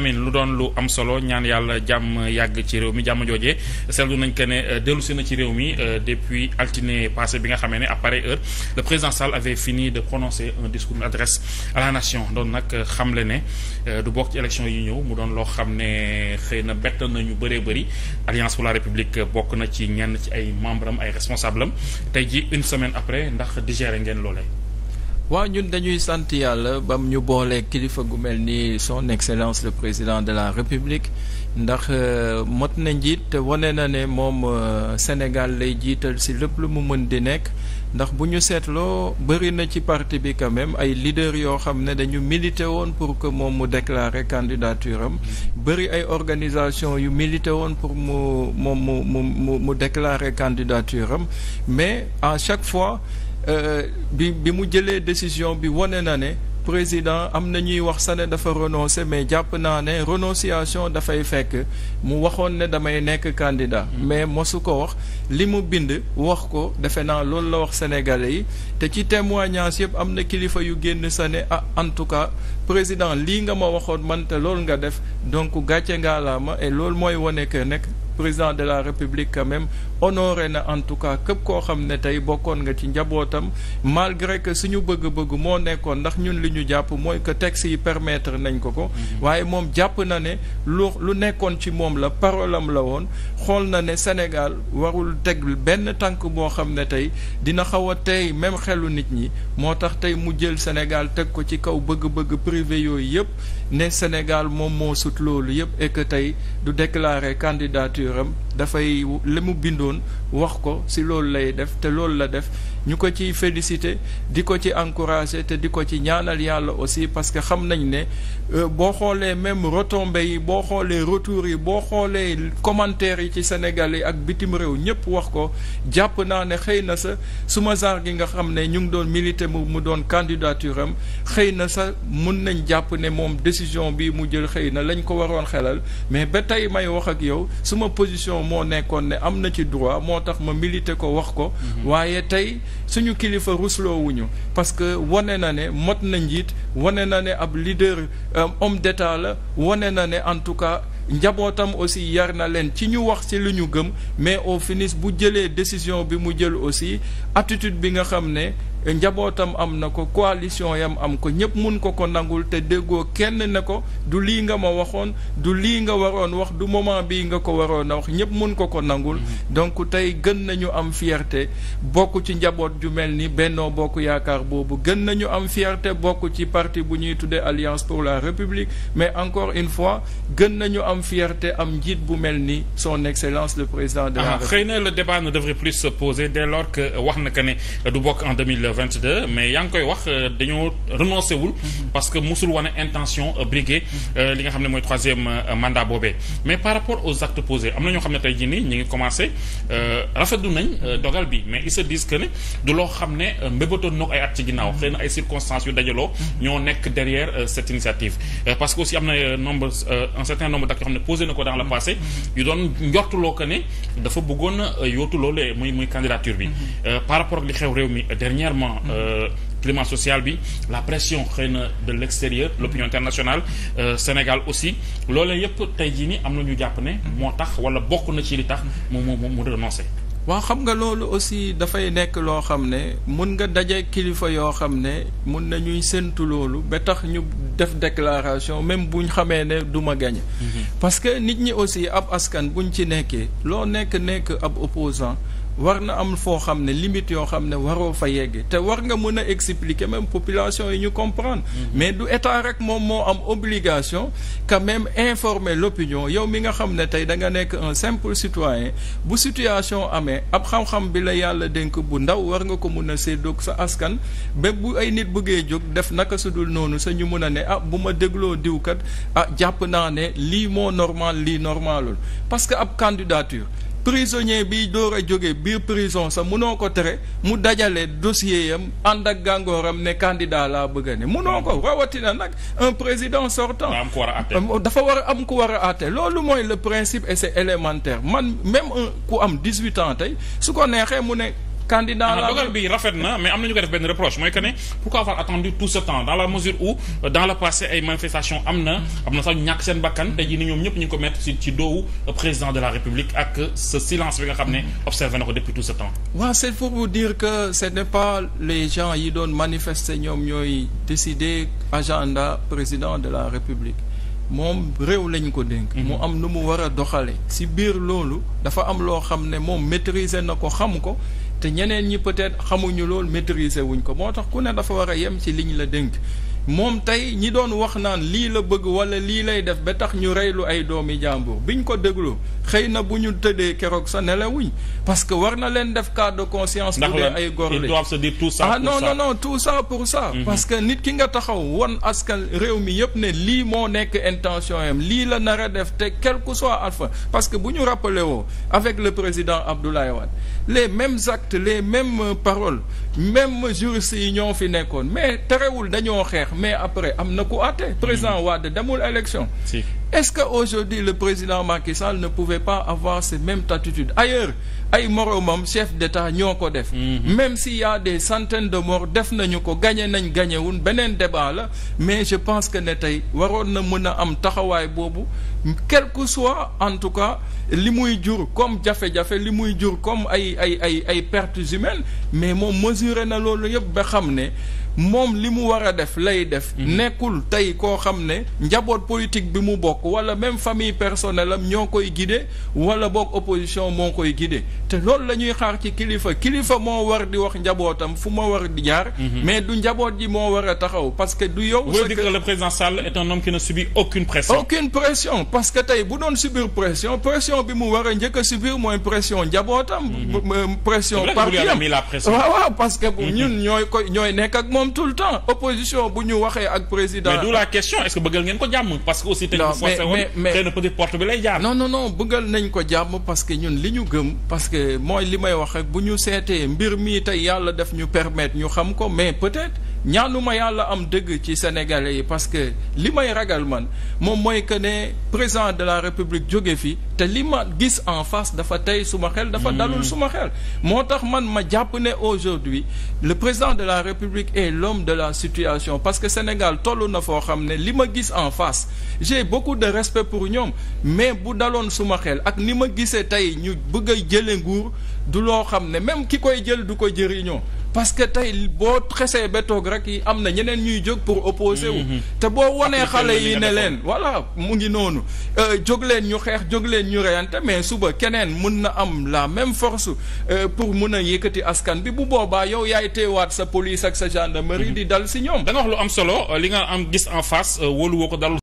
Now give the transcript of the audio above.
mi lu doon lu am solo ñaan yàlla jàmm yàgg ci réew mi jàmm joojee seetlu nañ que ne euh, dellusi na ci réew mi euh, depuis altine passé bi nga xamee ne à pareille heure le président avait fini de prononcer un discours une adresse à la nation doon nag euh, xamle ne du bokk ci élection yi ñëw mu doon loo xam ne xëy na bett nañu bëree bëri alliance pour la république bokk na ci ñenn ci ay membres am ay responsables am tey ji une semaine après ndax digéré ngeen loolee waa ñun dañuy sant yàlla bam ñu boolee kilifa gu mel ni son excellence le président de la république ndax euh, mot na njiit wane na ne moom euh, Sénégal lay jiital si lépp lu mu mën di nekk ndax bu ñu seetloo bëri na ci parti bi quand même ay leader yoo xam ne dañu milité woon pour que moom mu déclarer candidature am bëri ay organisation yu milité woon pour mu moom mu mu mu déclarer candidature am mais à chaque fois Euh, bi bi mu jëlee décision bi wane na ne président am na ñuy wax sax ne dafa renoncer mais jàpp naa ne renonciation dafay fekk mu waxoon ne damay nekk candidat mm-hmm. mais mosu ko wax li mu bind wax ko defe naa loolu la wax sénégalais yi te ci témoignage yëpp am na kilifa yu génn sa ne ah en tout cas président lii nga ma waxoon man te loolu nga def donc gàcce ngaalaama et loolu mooy wane que nekk président de la république quand même honoré na en tout cas képp koo xam ne tey bokkoon nga ci njabootam malgré que suñu bëgg-bëgg moo nekkoon ndax ñun li ñu jàpp mooy que texte yi permettre nañ ko ko mm-hmm. waaye moom jàpp na ne lu lu nekkoon ci moom la parole la woon xool na ne Sénégal warul teg benn tànk boo xam ne tey dina xaw a tey même xelu nit ñi moo tax tey mu jël Sénégal teg ko ci kaw bëgg-bëgg privé yooyu yëpp ne Sénégal moom moo sut loolu yëpp et tey du déclarer candidature candidature dafay li mu bindoon wax ko si loolu lay def te loolu la def ñu ko ciy félicité di ko ci encouragé te di ko ci ñaanal yàlla aussi parce que xam nañ ne euh, boo xoolee même retombées yi boo xoolee retours yi boo xoolee commentaires yi ci Sénégal yi ak bitim réew ñëpp wax ko jàpp naa ne xëy na sa suma genre gi nga xam ne ñu ngi doon milité mu mu doon candidature am xëy na sa mun nañ jàpp ne moom décision bi mu jël xëy na lañ ko waroon xelal mais ba tey may wax ak yow suma position moo nekkoon ne am na ci droit moo tax ma milité ko wax ko mm-hmm. suñu kilifa rusloo wuñu parce que wane na ne mot na njiit wane na ne ab leader euh, homme d'état la wane na ne en tout cas njabootam aussi yar na leen ci ñu wax ci lu ñu gëm mais au finish bu jëlee décision bi mu jël aussi attitude bi nga xam ne E njabootam am na ko coalition yam am ko ñëpp mun ko ko nangul te déggoo kenn ne ko du lii nga ma waxoon du lii nga waroon wax du moment bii nga ko waroon a wax ñëpp mun ko ko nangul mm-hmm. donc tey gën nañu am fierte bokk ci njaboot ju mel ni Benno Bokk Yaakaar boobu gën nañu am fierté bokk ci parti bu ñuy tuddee Alliance pour la République mais encore une fois gën nañu am fierte am njiit bu mel ni son excellence le président de la ah, République xëy na le débat ne devrait plus se poser wax na que ne du bokk en 2020 22 mais yaa ngi koy wax euh, dañoo renoncé mhm. parce que musul wane intention euh, briguer mhm. euh, li nga xam ne mooy troisième mandat boobee. mais par rapport aux actes posés am na ñoo xam ne tey jii nii ñu ngi commencé rafetlu nañ dogal bi mais ils se disent que ne du loo xam ne mbébatoon na ko ay at ci ginnaaw mhm. xëy na ay circonstances yu dajaloo. ñoo nekk derrière cette initiative. parce que aussi am na nombre un certain nombre d'actes yoo xam ne posé na ko dans le passé. yu doon njortuloo que ne dafa bëggoon yootu loolee muy muy candidature bi. évidemment euh, climat social bi la pression xëy na de l'extérieur l'opinion internationale euh, Sénégal aussi loolee yëpp tey jii nii am na ñu jàpp ne moo tax wala bokk na ci li tax moom moom mu renoncé waaw xam nga loolu aussi dafay nekk loo xam ne mun nga daje kilifa yoo xam ne mun nañuy séntu loolu ba tax ñu def déclaration même buñ xamee ne duma ma gañe mhm. nit ñi aussi ab askan buñ ci nekkee loo nekk nekk ab opposant war na am foo xam ne limite yoo xam ne waroo fa yeggee te war nga mën a expliquer même population yi ñu comprendre mhm. mais du état rek moom moo am obligation quand même informer l'opinion yow mi nga xam ne tey da nga nekk un simple citoyen bu situation amee ab xam-xam bi la yàlla dénk bu ndaw war nga ko mën a séddoog sa askan ba bu ay nit bëggee jóg def naka su dul noonu sa ñu mën a ne ah bu ma dégloo diwkat ah jàpp naa ne lii moo normal lii normalul parce que ab candidature prisonnier bi door a jóge biir prison sa munoo ko tere mu dajale dossier yam ànd ak gàngooram ne candidat laa bëgg a ne munoo ko rawatina nag un président sortant dafa euh, war a am ku war a àtte loolu mooy le principe et c'est élémentaire man même un ku am dix-huit ans tey su ko neexee mu ne candidat ah, la dogal bi rafet na mais am na ñu ko def benn reproche mooy que ne pourquoi avoir attendu tout ce temps dans la mesure où euh, dans le passé ay manifestation am na am na sax ñu ñàkk seen bakkan tey jii ni ñoom ñëpp ñu ko mettre ci ci doowu euh, président de la république ak euh, ce silence bi nga xam ne observé na ko depuis tout ce temps waaw c'est pour vous dire que ce n'est pas les gens yi doon manifester ñoom ñooy décider agenda président de la république moom réew lañ ko dénk mhm. mu am nu mu war a doxale si biir loolu dafa am loo xam ne moom maîtriser na ko xam ko te ñeneen ñi peut-être xamuñu lool maîtriser wuñ ko moo tax ku ne dafa war a yem ci liñ la dénk moom tey ñi doon wax naan lii la bëgg wala lii lay def ba tax ñu reylu ay doomi bi ñu ko déglu xëy na bu ñu tëddee keroog sa nelawuñ parce que war na leen def cas de conscience. bu dee ay góor lañ se dire tout ça ah non non non tout ça pour ça. Mhm. parce que nit ki nga taxaw won askan réew mi yëpp ne lii moo nekk intention yam lii la nar a def te quelque que soit alpha parce que bu ñu rappelé woo avec le président Abdoulaye Wade les mêmes actes les mêmes euh, parole même juristes yi ñoo fi nekkoon mais terewul dañoo xeex. mais après am na ku àtte président mm. Wade demul élection si. est-ce que aujourd'hui le président Macky Sall ne pouvait pas avoir cette même attitude ailleurs ay moroomam chef d'État ñoo ko def mm-hmm. même si y a des centaines de morts def nañu ko gagné nañ gagnéwun beneen débat la mais je pense que ne tey waroon na mën a am taxawaay boobu quel que soit en tout cas li muy jur comme jafe-jafe li muy jur comme ay ay ay ay pertes humaines mais moom mesuré na loolu yëpp ba xam ne moom li mu war a def lay def. Mhm. nekkul tey koo xam ne njaboot politique bi mu bokk wala même famille personnelle am ñoo koy guider wala boog opposition moo koy guider te loolu la ñuy xaar ci kilifa kilifa moo war di wax njabootam fu ma war di jaar. Mhm. mais du njaboot ji moo war a taxaw parce que du yow. vous dites que le président Sall est un homme qui ne aucune pression. aucune pression parce que tey bu doon subir pression pression bi mu war a njëkk a subir mooy pression njabootam. Mhm. pression parti am moom tout le temps opposition bu ñu waxee ak président. mais d'où la question est-ce que bëggal ngeen ko jàmm. parce que aussi tey bu forcé woon xëy na peut-être porte bi lay jaar. non non non bëggal nañ ko jàmm parce que ñun li ñu gëm parce que mooy li may wax rek bu ñu seetee mbir mii tey yàlla def ñu permettre ñu xam ko mais peut-être. ñaanuma yàlla am dëgg ci sénégalais yi parce que li may ragal man moom mooy que ne président de la république jóge fii te li ma gis en face dafa tey suma xel dafa hmm. dalul suma xel moo tax man ma jàpp ne aujourd'hui le président de la république est l'homme de la situation parce que Sénégal toll na foo xam ne li ma gis en face j'ai beaucoup de respect pour ñoom mais bu daloon suma xel ak ni ma gisee tey ñu bëgg a jële nguur du loo xam ne même ki koy jël du ko jëriñoo parce que tey boo xesee ba toog rek yi am na ñeneen ñuy jóg pour opposer wu mm-hmm. te boo wonee xale yi ne leen voilà mu ngi noonu euh, jóg leen ñu xeex jóg leen ñu reyante mais suba keneen mun na am la même force euh, pour mun a yëkkati askan bi bu boobaa yow yaay teewaat sa police ak sa gendarmerie mm-hmm. di dal si ñoom da nga wax lu am solo li nga am gis en face euh, wóolu woo ko dal